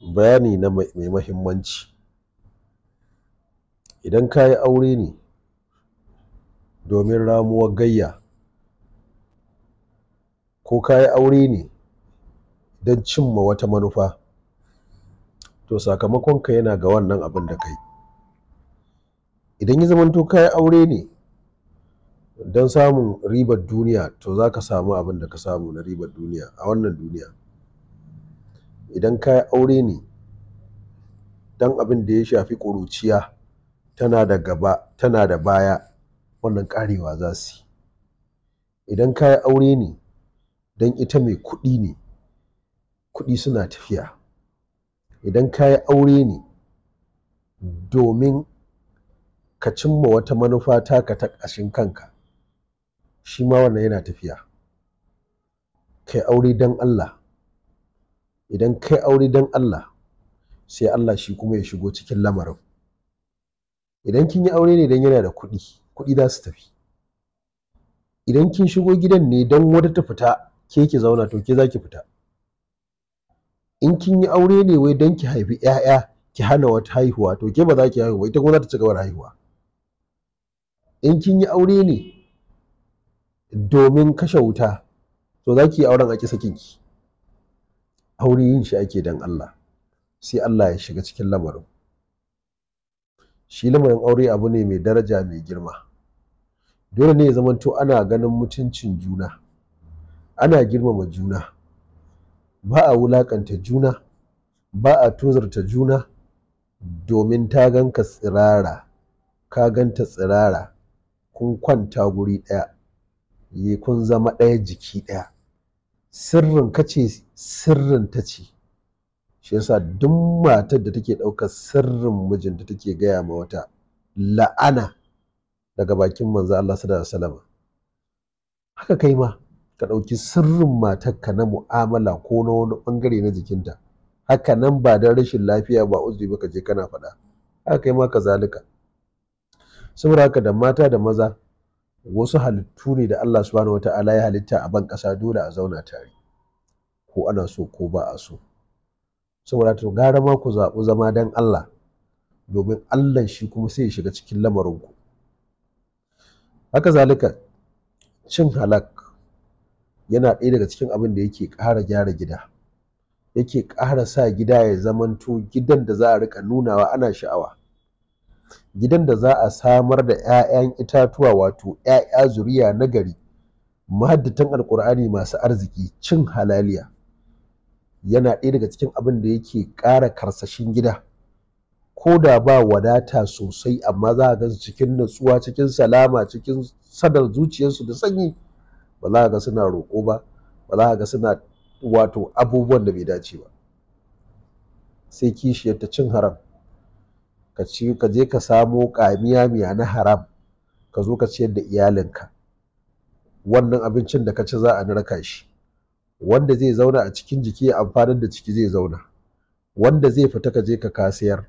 bayani na mai mahimmanci idan ka yi aure ne domin ramuwar gayya ko ka yi aure ne don cimma wata manufa to sakamakonka yana ga wannan abin da kai idan ya zamanto ka yi aure ne don samun ribar duniya to za ka samu abin da ka samu na ribar duniya a wannan duniya idan ka aure ne don abin da ya shafi ƙuruciya tana da gaba tana da baya wannan ƙarewa za su yi idan ka aure ne don ita mai kuɗi ne kuɗi suna tafiya idan ka aure ne domin ka cimma wata manufa taka ta ƙashin kanka shi ma wannan yana tafiya kai aure don Allah idan kai aure don Allah sai Allah shi kuma ya shigo cikin lamarin idan kin yi aure ne don yana da kuɗi kuɗi za su tafi idan kin shigo gidan ne don wata ta fita ke ki zauna to ke za ki fita in kin yi aure ne wai don ki haifi 'ya'ya ki hana wata haihuwa to ke ba za ki haihuwa ita kuma za ta ci gaba da haihuwa in kin yi aure ne domin kashe wuta to za ki yi auren a kisa kinki. aure yin shi ake don Allah sai Allah ya shiga cikin lamarin shi lamarin aure abu ne mai daraja mai girma dole ne ya zamanto ana ganin mutuncin juna ana girmama juna ba a wulakanta juna ba a tozarta juna domin ta ganka tsirara ka ganta tsirara kun kwanta guri ɗaya kun zama ɗaya jiki ɗaya sirrin kace sirrin ta ce shi yasa duk matar da take ɗaukar sirrin mijinta take gaya ma wata la'ana daga bakin manzo Allah sallallahu alaihi wasallam haka kai ma ka ɗauki sirrin matarka na mu'amala ko na wani ɓangare na jikinta haka nan ba don rashin lafiya ba uzuri ba ka je kana faɗa haka kai ma ka zalika saboda haka da mata da maza wasu halittu ne da Allah subhanahu wata'ala ya halitta a ban ƙasa dole a zauna tare ko ana so ko ba a so saboda to gara ma ku zaɓi zama don Allah domin Allah shi kuma sai ya shiga cikin lamarinku haka zalika cin halak yana ɗaya daga cikin abin da yake ƙara gyara gida yake ƙara sa gida ya zamanto gidan da za a riƙa nunawa ana sha'awa gidan da za a samar da 'ya'yan itatuwa wato 'ya'ya zuriya nagari gari mahaddatan alkur'ani masu arziki cin halaliya yana ɗaya daga cikin abin da yake ƙara karsashin gida ko da ba wadata sosai amma za a gansu cikin natsuwa cikin salama cikin sadar zuciyarsu da sanyi ba za a ga suna roƙo ba ba za a ga suna wato abubuwan da bai dace ba sai kishiyar ta cin haram ka ci ka je ka samo kamiya miya na haram ka zo ka ciyar da iyalinka wannan abincin da ka ci za a narka shi wanda zai zauna a cikin jiki ya amfanar da ciki zai zauna wanda zai fita ka je ka kasiyar,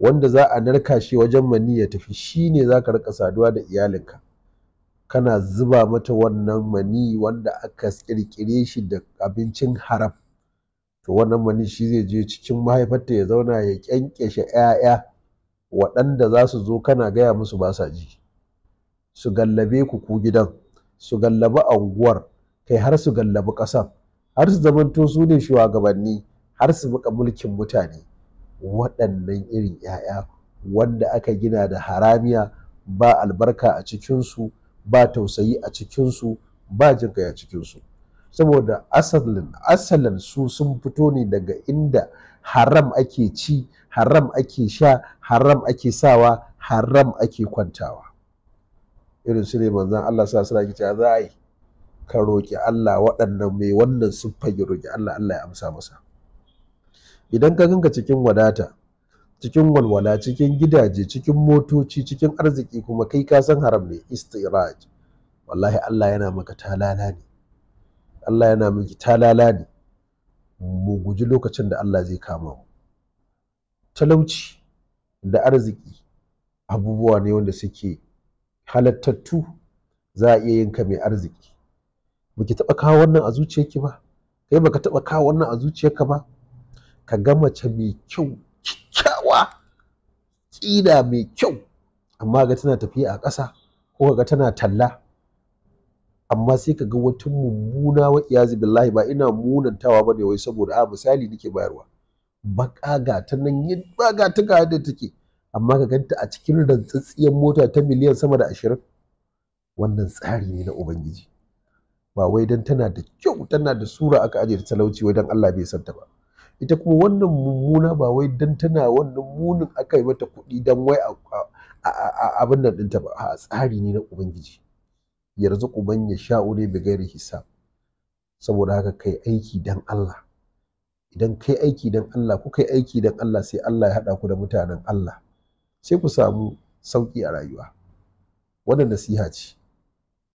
wanda za a narka shi wajen mani ya tafi shine za ka rika saduwa da iyalinka kana zuba mata wannan mani wanda aka kirkire shi da abincin haram to wannan mani shi zai je cikin mahaifarta ya zauna ya kyankyashe 'ya'ya waɗanda za su zo kana gaya musu ba sa ji su gallabe ku ku gidan su gallabi anguwar kai har su gallabi ƙasar har su zamanto su ne shugabanni har su buƙa mulkin mutane waɗannan irin 'ya'ya wanda aka gina da haramiya ba albarka a cikinsu ba tausayi a cikinsu ba jinkai a cikinsu saboda asalin asalin su sun fito ne daga inda haram ake ci haram ake sha haram ake sawa haram ake kwantawa irin su ne manzan Allah sa suna ki cewa za a yi ka roƙi Allah waɗannan mai wannan sun fage roƙi Allah Allah ya amsa masa idan ka ganka cikin wadata cikin walwala cikin gidaje cikin motoci cikin arziki kuma kai ka san haram ne istiraj wallahi Allah yana maka talala ne Allah yana miki talala ne mu guji lokacin da Allah zai kama mu talauci da arziki abubuwa ne wanda suke halattattu za a iya yin ka mai arziki baki taba kawo wannan a zuciyarki ba kai baka taɓa kawo wannan a zuciyarka ba ka ga mace mai kyau kyakkyawa tsida mai kyau amma ga tana tafiya a ƙasa ko ga tana talla amma sai ka ga wata mummuna wa iyazi billahi ba ina munantawa bane wai saboda a misali nake bayarwa baka ga ta nan yadda ga ta ga da take amma ka ganta a cikin rantsatsiyar mota ta miliyan sama da ashirin wannan tsari ne na ubangiji ba wai dan tana da kyau tana da sura aka aje ta talauci wai dan Allah bai santa ba ita kuma wannan mummuna ba wai dan tana wannan munin aka yi mata kuɗi dan wai abin nan ɗinta ba a tsari ne na ubangiji yarzuqu man yasha'u ne bi ghairi hisab saboda haka kai aiki dan Allah idan kai aiki dan Allah ku kai aiki dan Allah sai Allah ya hada ku da mutanen Allah sai ku samu sauki a rayuwa wannan nasiha ce